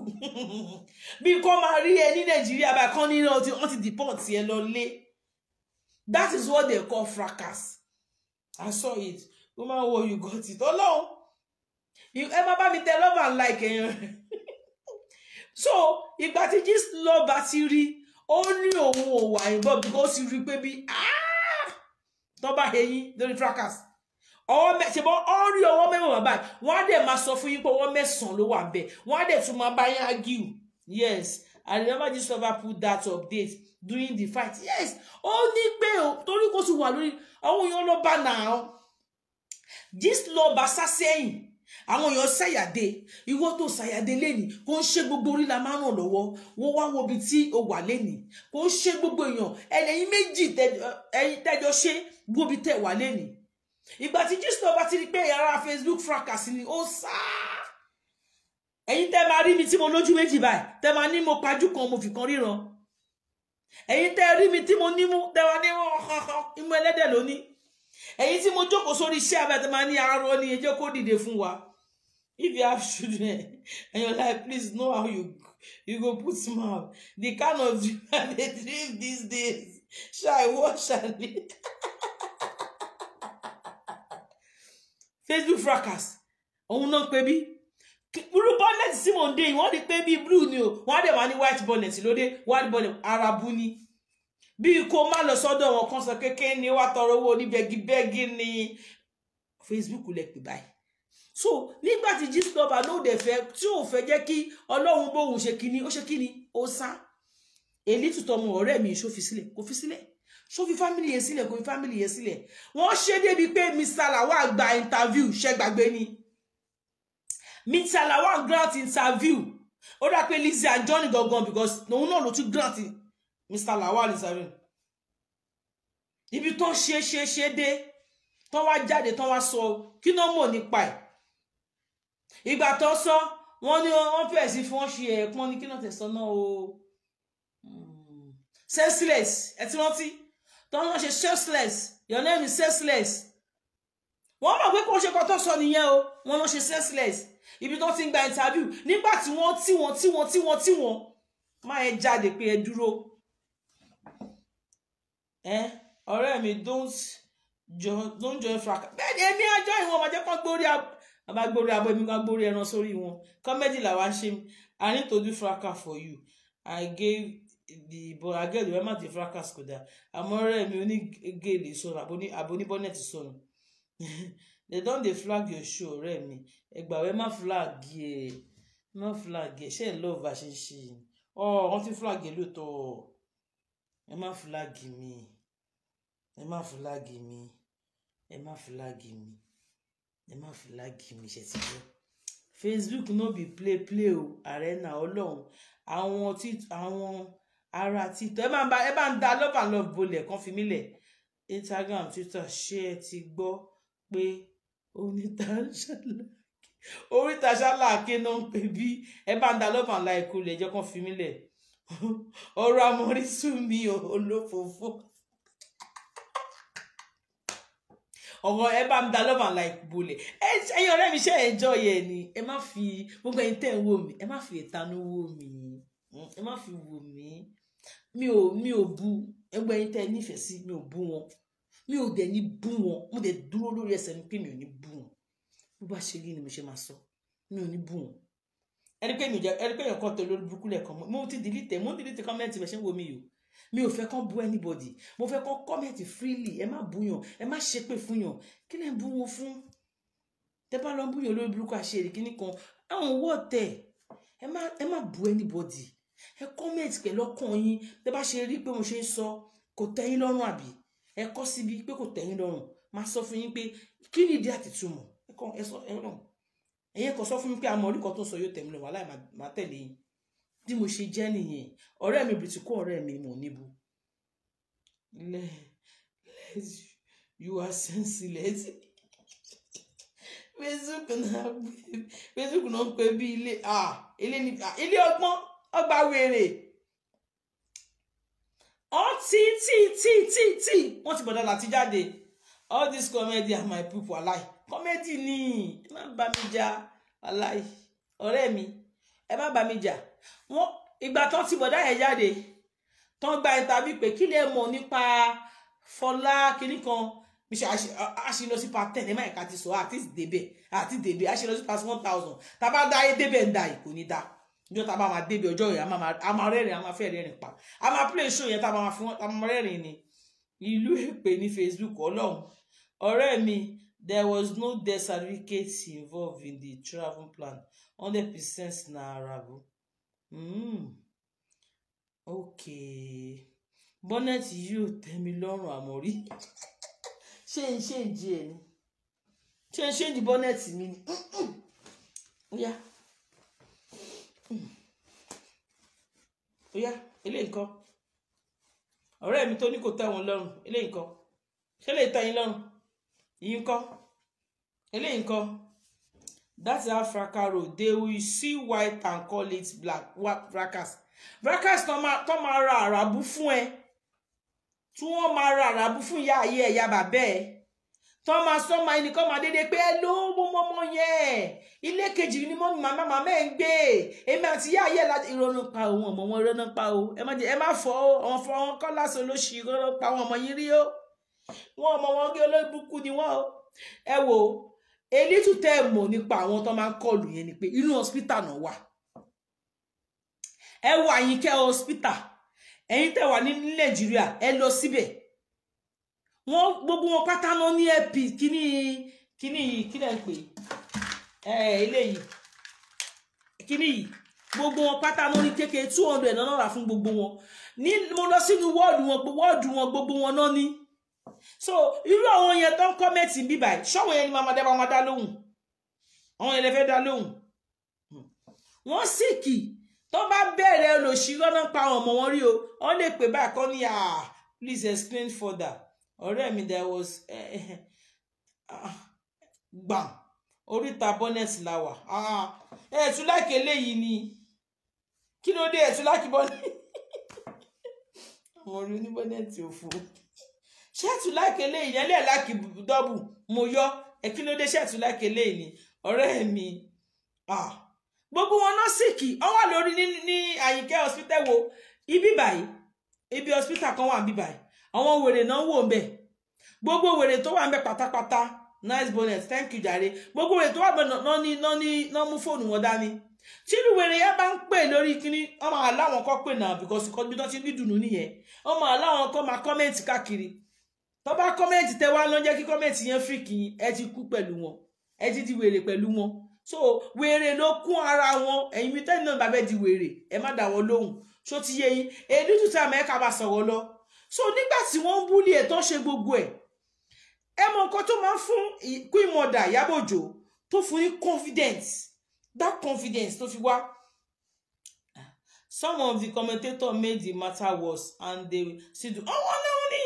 <laughs> bí kò máa rí ẹ ní nàìjíríà báyìí kán ní wọ́n ti deport ẹ lọ lé that is what they call fracas i saw it woman wo you got it Oh no! you ever buy me mi love and like èèyàn <laughs> so if tí jesus lọ́ba ti rí ó ní òun ò wà ìbọn bí ó ti rí pé bí ah! tọ́ba eyín lórí fracas ọwọ́ mẹ ṣe bọ́ ọ́n rí ọwọ́ mẹ́wàá báyìí buy. One day máa sọ fún One pé son, mẹ́sàn-án ló wà bẹ́ẹ̀ wọ́n á dẹ̀ tún máa yes I remember this lover put that update during the fight yes ó ní pé o torí kò sì wà lórí àwọn èèyàn lọ́ba náà this lover sá sẹ́yìn àwọn èèyàn ṣàyàdé ìwọ tó ṣàyàdé lẹ́nìí kò ń ṣe gbogbo orí la máa ràn lọ́wọ́ wọ́n wá wo ibi tí o wà lẹ́nìí kò ń ṣe gbogbo èèyàn ẹlẹ́yin méjì tẹ́jọ ṣe gbóbi tẹ̀ wà lẹ́nìí ìgbà tí Jesus lọ́ba ti rí pay ara Facebook fracas ni ó sáà ẹ̀yin tẹ́ máa rí mi tí mo lójú méjì báyìí tẹ́ máa ní mo pajú kan mo fi kan ríran ẹ̀yin tẹ́ rí mi tí mo nímú tẹ́ máa ní ọ̀hánhán oh, oh, oh, imú ẹlẹ́dẹ̀ lóní ẹ̀yin tí mo jókòó sórí iṣẹ́ abẹ́ tẹ́ máa ní arọ ni ẹ kó dìde fún wa if you have children <laughs> and your life please know how you you go put mouth the kind of dream i dey dream these days shall i watch <laughs> and read <laughs> facebook fracas òun náà pé bí irú bọ́lẹ̀tì tí mò ń dé yìí wọ́n rí pé bíi blue ni o wọ́n á dẹ̀ wá ní white bọ́lẹ̀tì lóde white bọ́lẹ̀tì arabu ni bíi kó má lọ sọ́dọ̀ wọn kan sọ kékeré ni wàá tọrọ owó oníbẹ̀gibẹ́gi ni Facebook lẹ pè báyìí so nígbà tí Gistlover ló dẹ̀ fẹ́ tí ò fẹ́ jẹ́ kí ọlọ́run bóun ṣe kíni ó ṣe kíni ó sá èlé tuntun ọmọ ọ̀rẹ́ mi ṣó fi sílẹ̀ kò fi sílẹ̀ ṣó fi fámìlì yẹn sílẹ̀ kò fi fámìlì yẹn sílẹ̀ wọ́n ṣe débi pé Mr. Lawal gba interview ṣẹ́gbàgbé ni Mr. Lawan grant interview ó dá pé Lizzy Anjorin gangan because no náà ló tún grant Mr. Lawan interview ibi tó ṣe ṣe ṣe dé tó wá jáde tó wá sọ kí ló mọ̀ nípa ẹ̀ ìgbà tó sọ wọ́n ní wọ́n fẹẹ sí fún ọṣù ẹ pọn ní kí ló tẹsán náà o hmm. senseless ẹ ti rántí tó ń ṣe senseless your name is senseless wọ́n mọ̀ pé kò ṣe kan tó sọ nìyẹn o wọ́n lọ ṣe senseless ibi tó ti ń gba interview nígbà tí wọ́n tí wọ́n tí wọ́n tí wọ́n tí wọ́n máa ẹ jáde pé ẹ dúró ọ̀rẹ́ mi don't join don't join fraka bẹ́ẹ̀ ni èmi àjọ ìwọ̀n máa jẹ́ kán gbórí àbá gbórí abọ́ èmi kan gbórí ẹran sórí wọn comedy làwa ṣe I need to do fraka for you I gave the boy agẹ́lì wẹ́n má ti fraka skoda àmọ́ ọ̀rẹ́ mi onígèlè sọ̀rọ̀ àbóníbọ́nẹ̀tì sọ̀rọ̀. <laughs> they don dey flag your show ọ̀rẹ́ mi ẹgbà wẹ́ má flag ẹ̀ má flag ẹ̀ ṣe love lọ bá ṣe ń ọ wọ́n ti flag ẹ̀ lóòótọ́ ẹ má flag mi ẹ má flag mi ẹ má flag mi ẹ má flag mi ṣe ti gbọ́ facebook no be play play o arena ọlọ́run àwọn tí àwọn ara títọ́ ẹ bá ń da love and love bolẹ̀ kan fi mílẹ̀ instagram twitter ṣé ẹ ti gbọ́ pé onítàṣálà oríta ṣáláàkì náà ń pè bí ẹ bá ń da love and like rẹ jẹ́ kàn fi mí lẹ̀ ọ̀rọ̀ amọrísù mi olófòófó ọ̀rọ̀ ẹ bá ń da love and like bolẹ̀ ẹ̀yin ọ̀rẹ́ mi ṣe enjoy ẹ̀ ni ẹ má fi gbogbo ẹ̀yin tẹ̀ ń wò mí ẹ má fi ìtanú wò mí hmm, ẹ má fi wò mí mi ò mi ò bu ẹgbẹ́ ẹ̀yin tẹ̀ nífẹ̀ẹ́ sí mi ò bu wọn mi ò dẹ̀ ní bú wọn mo dẹ̀ dúró lórí ẹsẹ̀ mi pé mi ò ní bú wọn bó bá ṣe rí ni mo ṣe máa sọ mi ò ní bú wọn ẹni pé mi ò jẹ ẹni pé èèyàn kan tó lórí burúkú lẹ́ẹ̀kan mo ti dìlítẹ̀ mo ń dìlítẹ̀ kọ́mẹ́ǹtì bẹ̀ ṣe ń wo mi yìí o mi ò fẹ́ kán bú anybody mo fẹ́ kán comment freely ẹ má búyàn ẹ má ṣépè fún yàn kí lẹ́ ń bú wọn fún tẹ bá lọ búyàn lórí burúkú àṣeyẹrì kíní kan àwọn owó ọ̀tẹ̀ ẹ má ẹ má bú anybody ẹ comment pẹ̀lú ọkàn yín tẹ bá ṣe rí pé mo ṣe ń sọ kò tẹ́ lọ́rùn àbí ẹ kọ síbi pé kò tẹ̀yìn lọ́rùn máa sọ fún yín pé kí ni ìdí àti túmọ̀ ẹ kọ ẹ sọ ẹ ràn ẹyẹ kọ sọ fún mi pé àmọ́ orí kan tó sọ yóò tẹ̀mí lọ wàhálà máa tẹ̀lé yín bí mo ṣe jẹ́ nìyẹn ọ̀rẹ́ mi bìtì kó ọ̀rẹ́ mi mọ̀ níbu you are senseless facebook náà facebook náà ń pè bí ilé ilé ọgbọ́n ọgbà wèrè ọtí tí tí tí tí wọ́n ti bọ̀dá láti jáde all this comedy are ah, my people alai comedy ni ẹ má bá mi jà alai ọ̀rẹ́ mi ẹ má bá mi jà wọ́n ìgbà tó ti bọ̀dá yẹn jáde tó ń gba ìtàbí pé kí lè mọ̀ nípa fọlá kínní kan mi ṣe àṣìlọsí pa ten ẹ má ẹ̀ka ti sọ àti dèbè àti dèbè àṣìlọsí pa one thousand tá a bá dá ayé débẹ̀ ń da yìí kò ní dáa ní ọ̀tá bá máa débi ọjọ́ yẹn a máa rẹ́rìn a máa fẹ́ rẹ́rìn pa a máa play show yẹn tá a máa fún a máa rẹ́rìn ni ìlú èpè ní Facebook ọlọ́run ọ̀rẹ́ mi there was no death certificate involved in the travel plan hundred percent na arabu mm. okay bonnet yóò tẹ́ mi lọ́rùn àmọ́rí ṣé n ṣe ń jí ẹ ni n ṣe ń jí bonnet mi ni ó yá. Yeah ó yá eléyìí nǹkan ọ̀rẹ́ mi tó ní kò tẹ́ wọn lọ́rùn eléyìí nǹkan ṣé lè tẹ́ yín lọ́rùn yìí nǹkan eléyìí nǹkan that's Africa road they will see white and call it black fracas fracas tó máa ra àràbù fún ẹ tí wọ́n máa ra àràbù fún ìyá ayé ẹ̀yà bàbá ẹ̀ tọ́ máa sọ máa ẹnìkan máa dédé pé ẹ ló mọ́mọ́ yẹn ilé kejì ni mọ́mí màmá màmá ẹ̀ ń gbé èmi àti ìyá ayé la ìrọ̀nù pa òun ọmọ wọn ìrọ̀nù pa o ẹ má fọ ọ̀hún fọ ọ̀hún kọ́ lásán lóṣù ìrọ̀nù pa àwọn ọmọ yìí rí o wọn ọmọ wọn gé olóbùkún ni wọn o ẹ wo elítù tẹ́ ẹ mọ̀ nípa àwọn tó máa ń kọlù yẹn ni pé inú hospital náà wà ẹ wọ àyíkẹ́ hospital ẹ̀yin tẹ́ wà ní Nàìjíríà ẹ lọ síbẹ̀ wọ́n gbogbo wọn pátá náà ní ap kíní kíní yìí kí lẹ ń pè ẹ eléyìí kíní yìí gbogbo wọn pátá náà ní kékeré two hundred náà rà fún gbogbo wọn ní mo lọ sínú wọ́ọ̀dù wọn wọ́ọ̀dù wọn gbogbo wọn náà ní so irú àwọn yẹn tó ń kọ́mẹ̀tì bíbà ṣọ́wọ́n yẹn ni màmá dá màmá dá lóhùn àwọn yẹn lè fẹ́ dá lóhùn wọ́n sì tó bá bẹ̀rẹ̀ olùsí lọ́nà pa àwọn ọmọ wọn rí o wọ́n lè pè báyìí kọ́ ní à ah, please explain further ọ̀rẹ́ mi there was <laughs> gbà oríta bonnet la wà ah, ẹ̀ẹ́dù láìkí eléyìí ni kí ló dé ẹ̀ẹ́dù láìkí bonnet àwọn orí oníbọ́nẹ̀tì òfò ṣẹ́ẹ̀tù láìkí eléyìí ni ẹlẹ́ẹ̀ láìkí dọ́bù mo yọ ẹ kí ló dé ṣẹ́ẹ̀tù láìkí eléyìí ni ọ̀rẹ́ mi ah, gbogbo wọn náà sìkì ọ wà lórí ní Àyìnkẹ́ hospital wo ibi báyìí ibi hospital kan wà níbí báyìí àwọn wèrè náà wò ń bẹ̀ gbogbo wèrè tó wà ń bẹ̀ pátápátá nice bonnet thank you jàre gbogbo wèrè tó wà ń bẹ̀ náà ní náà ní náà mú fóònù wọn dání tínú wèrè yẹn bá ń pè lórí kíní wọn máa láwọn kọ pè náà because kọ bí wọn ti ní dùnú nìyẹn wọn máa láwọn kọ máa kọmẹǹtì káàkiri tó bá kọmẹǹtì tẹ wá lọ jẹ kí kọmẹǹtì yẹn fìkì ẹ ti kú pẹ̀lú wọn ẹ ti di wèrè pẹ̀lú wọn so wèrè ló kún ara wọn ẹ̀yin mi tẹ́lẹ̀ náà bàbá di wèrè ẹ má dà wọn lóhùn So ti yé yín èdè tuntun àmọ́ ẹ ká bá sọ̀rọ̀ lọ so nígbà tí wọ́n ń búlí ẹ̀ tó ṣe gbogbo ẹ̀ ẹ mọ nǹkan tó máa ń fún queen mother Ìyábọ̀ Òjó tó fún ní confidence that confidence tó fi wá some of the commentators made the matter worse and they still do ọwọ́ oh, náà ní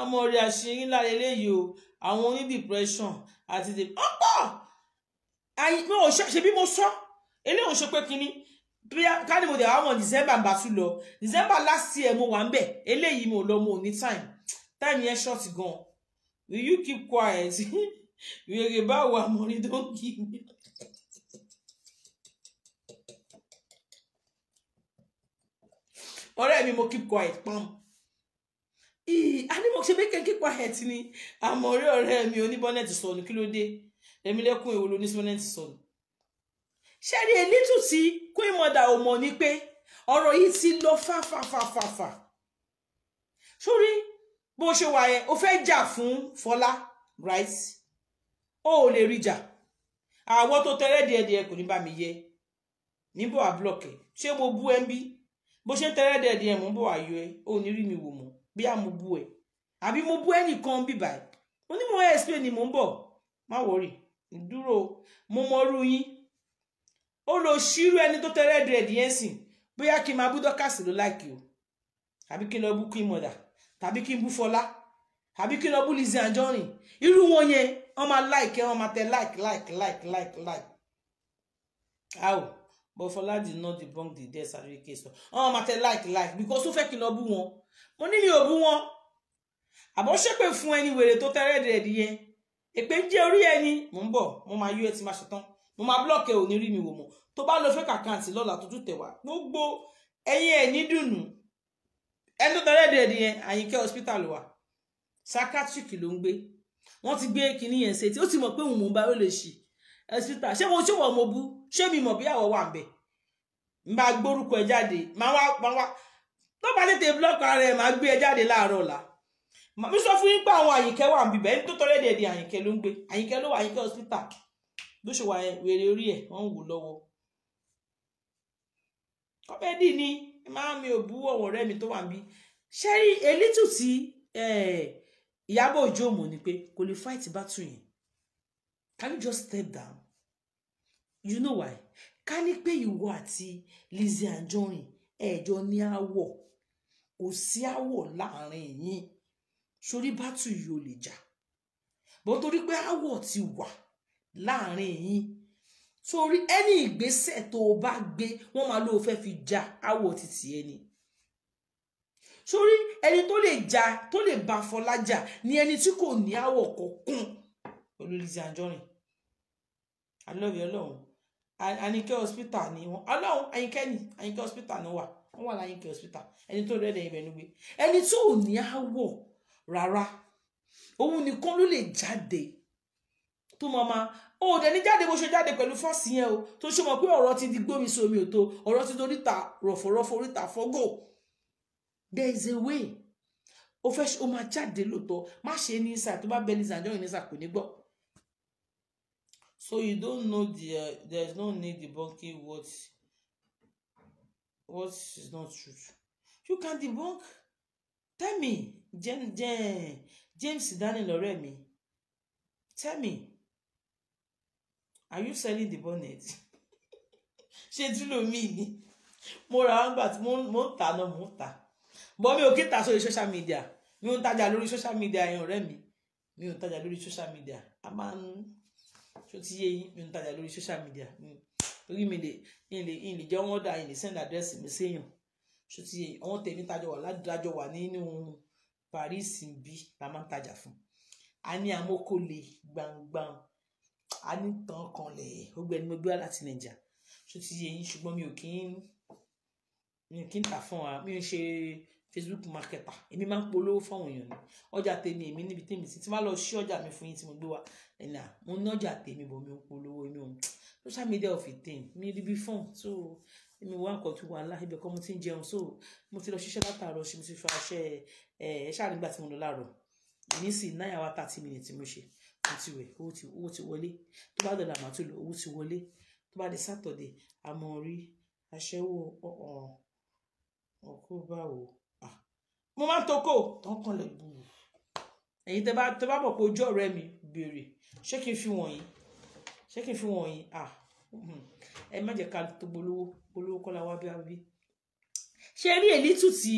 amọ̀rí àṣírí ńlá eléyìí o àwọn oní depression àti the ọ̀pọ̀ àyè mi ò ṣe bí mo sọ eléyìí ò ṣe pé kínní ká ní mo dẹ̀ àwọn ọmọ december ń bá tún lọ december last year mo wà ń bẹ̀ mo lọ mo ní time time yẹn short gan will you keep quiet <laughs> wèrè báwo àmọ́rí tó ń kí mi. ọ̀rẹ́ mi mo keep quiet pam a ní mo ṣe bí kẹ́kẹ́ keep quiet ni àmọ́rí ọ̀rẹ́ mi oníbọ́nẹ̀tì sọnù kí ló dé Rẹ̀mílẹ́kùn èwo ló ní sọ́nẹ̀tì sọnù ṣe rí elítù tí queen mother ò mọ̀ ni pé ọ̀rọ̀ yìí ti lọ fàfàfàfàfà sórí bó ṣe wà yẹn o fẹ́ jà fún Fọlá right o ò lè rí jà àwọ̀ tó tẹ́rẹ́ díẹ̀díẹ̀ kò ní bá mi yẹ níbo àblọ̀kẹ̀ ṣé mo bú ẹ ń bí bó ṣe ń tẹ́rẹ́ díẹ̀díẹ̀ mò ń bọ̀ àyọ ẹ ò ní rí mi wò mọ́ bí a mo bú ẹ àbí mo bú ẹnìkan bíbà ẹ onímọ̀ ẹ̀ explain ni mò ń bọ̀ má wọ̀rì dúró mo mọ irú yín ó lọ ṣírú ẹni tó tẹ red red yẹn sìn bóyá kí n máa bú dọ́kàsì ló láìkì o tàbí kí n lọ bú queen mother tàbí kí n bú fọlá tàbí kí n lọ bú Lizzie Anjorin irú wọn yẹn wọn máa láìkì wọn máa like like like like like how but fọlá did not debunk the death certificate case wọn máa tẹ like like because ó fẹ́ kí n lọ bú wọn mo ní mi ò bú wọn àbọ̀ ṣépè fún ẹni wèrè tó tẹ red red yẹn èpè ń jẹ́ orí ẹni mò ń bọ̀ mo máa yú ẹ ti máa ṣetán mo máa blọọkì ẹ ò ní mi wò mọ́ tó bá lọ fake account lọ́la tó tún tẹ̀ wá gbogbo ẹ̀yin ẹ̀ ní dùnú ẹni tó tẹ̀lé dẹ̀ yẹn àyíkẹ́ hospital wà psychiatric ló ń gbé ti gbé kinní yẹn ṣe tí ó ti mọ̀ pé òun mò ń bá hospital ṣé mo ṣé wọ̀ mo bú ṣé mi mọ̀ bí àwọ̀ wà bẹ̀ má gbórúkọ ẹ jáde má wá má wá tó bá tètè blọọkì ara ẹ má gbé ẹ jáde láàárọ̀ ọ̀la mi sọ fún yín pé àwọn àyíkẹ́ wà ń bíbẹ̀ ẹni tó tọrẹ dẹ̀ di àyíkẹ́ ló ń gbé àyíkẹ́ ló wà àyíkẹ́ hospital ló ṣe wà ẹ wèrè orí ẹ wọ́n ń wò kọ́mẹ́dì ni máa mi ò bú ọ̀wọ̀ ọ̀rẹ́ mi tó wà níbí ṣé rí elítù tí eh, Ìyábọ̀ Òjó mọ̀ ni pé kò lè fight battle yẹn can you just step down you know why ká ní pé ìwọ àti Lizzie Anjorin ẹ̀jọ́ ní àwọ̀ kò sí àwọ̀ láàrin yín sórí battle yìí ò lè jà bó torí pé àwọ̀ ti wà láàrin yín torí ẹni ìgbésẹ̀ tó o bá gbé wọ́n máa ló fẹ́ fi ja áwọ̀ títì ẹni torí ẹni tó lè ja tó lè bá Fọlájà ni ẹni tí kò ní áwọ̀ kọ̀ọ̀kan pẹ̀lú Lizzy Anjorin ọlọ́run Àníkẹ́ hospital ni wọ́n ọlọ́run Àyìnkẹ́ ni Àyìnkẹ́ hospital ni wà wọ́n wà láyìnkẹ́ hospital ẹni tó rẹ́ẹ̀dẹ̀ ibẹ̀ nígbé ẹni tí ò ní áwọ̀ rárá òun nìkan ló lè jáde tó mọ ma o ò ní jáde bó ṣe jáde pẹ̀lú fọ́ọ̀sì yẹn o tó ṣe mọ̀ pé ọ̀rọ̀ ti di gbómi sómi ò tó ọ̀rọ̀ ti doríta rọ̀fọ̀rọ̀fọ̀ oríta fọ́gò there is a way o fẹ́ o máa jáde lóòótọ́ má ṣe ní ìsà tó bá bẹ ní ìsàjọ́ ìníṣà kò ní gbọ́. so you don't know the uh, there is no need debunking what what is not true you can debunk tell me james james james daniel ọ̀rẹ́ mi tell me are you selling the bonnet <laughs> ṣé Dúlómi ni mo ra wọn gbà tí mo ń tà náà mo ń tà bọ́ mi ò kí n tà sórí social media mi ò ń tajà lórí social media yẹn ọ̀rẹ́ mi mi ò ń tajà lórí social media a máa ń tó ti yé yín mi ò ń tajà lórí social media orí mi lè yín lè yín lè jẹ́ wọ́n dà yín lè send address mi séèyàn tó ti yé yín àwọn tèmi tajọ wà ládùúdájọ wà nínú Paris bí la máa ń tajà fún a ní amókòlè gbangban a ní tàn kanlẹ̀ ó gbẹ ní mo gbé wá láti nàìjà tó ti yẹ yín ṣùgbọ́n mi ò kí ń mi ò kí ń tà fún wa mi ò ṣe facebook marketer èmi máa ń polówó fáwọn èèyàn ni ọjà tèmi èmi níbi tèmi sí tí má lọ ṣí ọjà mi fún yín tí mo gbé wá ẹ̀nà mo ní ọjà tèmi bò mi ò polówó mi ò social media of a thing mi ò ríbi fún so èmi wá nǹkan tó wà ńlá ibẹ̀ kọ́ mo ti ń jẹun so mo ti lọ ṣiṣẹ́ látàárọ̀ ṣe mo ti fa aṣẹ ẹ̀ ẹ̀ ṣáà nígbà tí mo lọ láàárọ̀ èmi náírà wá thirty minutes tí mo ṣe mo ti wẹ̀ owó ti owó ti wọlé tó bá dọ̀là màá tún lò owó ti wọlé tó bá di sátọ̀dẹ̀ àmọ́ rí aṣẹ́wó ọkọ̀ báwo mo máa ń toko tó ń kànlẹ̀ gbùrù ẹ̀yin tẹ́ bá tẹ́ bá mọ̀ pé ojú ọ̀rẹ́ mi béèrè ṣé kí n fi wọ̀nyí ṣé kí n fi wọ̀nyí ẹ má jẹ́ ká tó polówó polówó kọ́lá wá bí wá bí ṣe rí èlítù tí.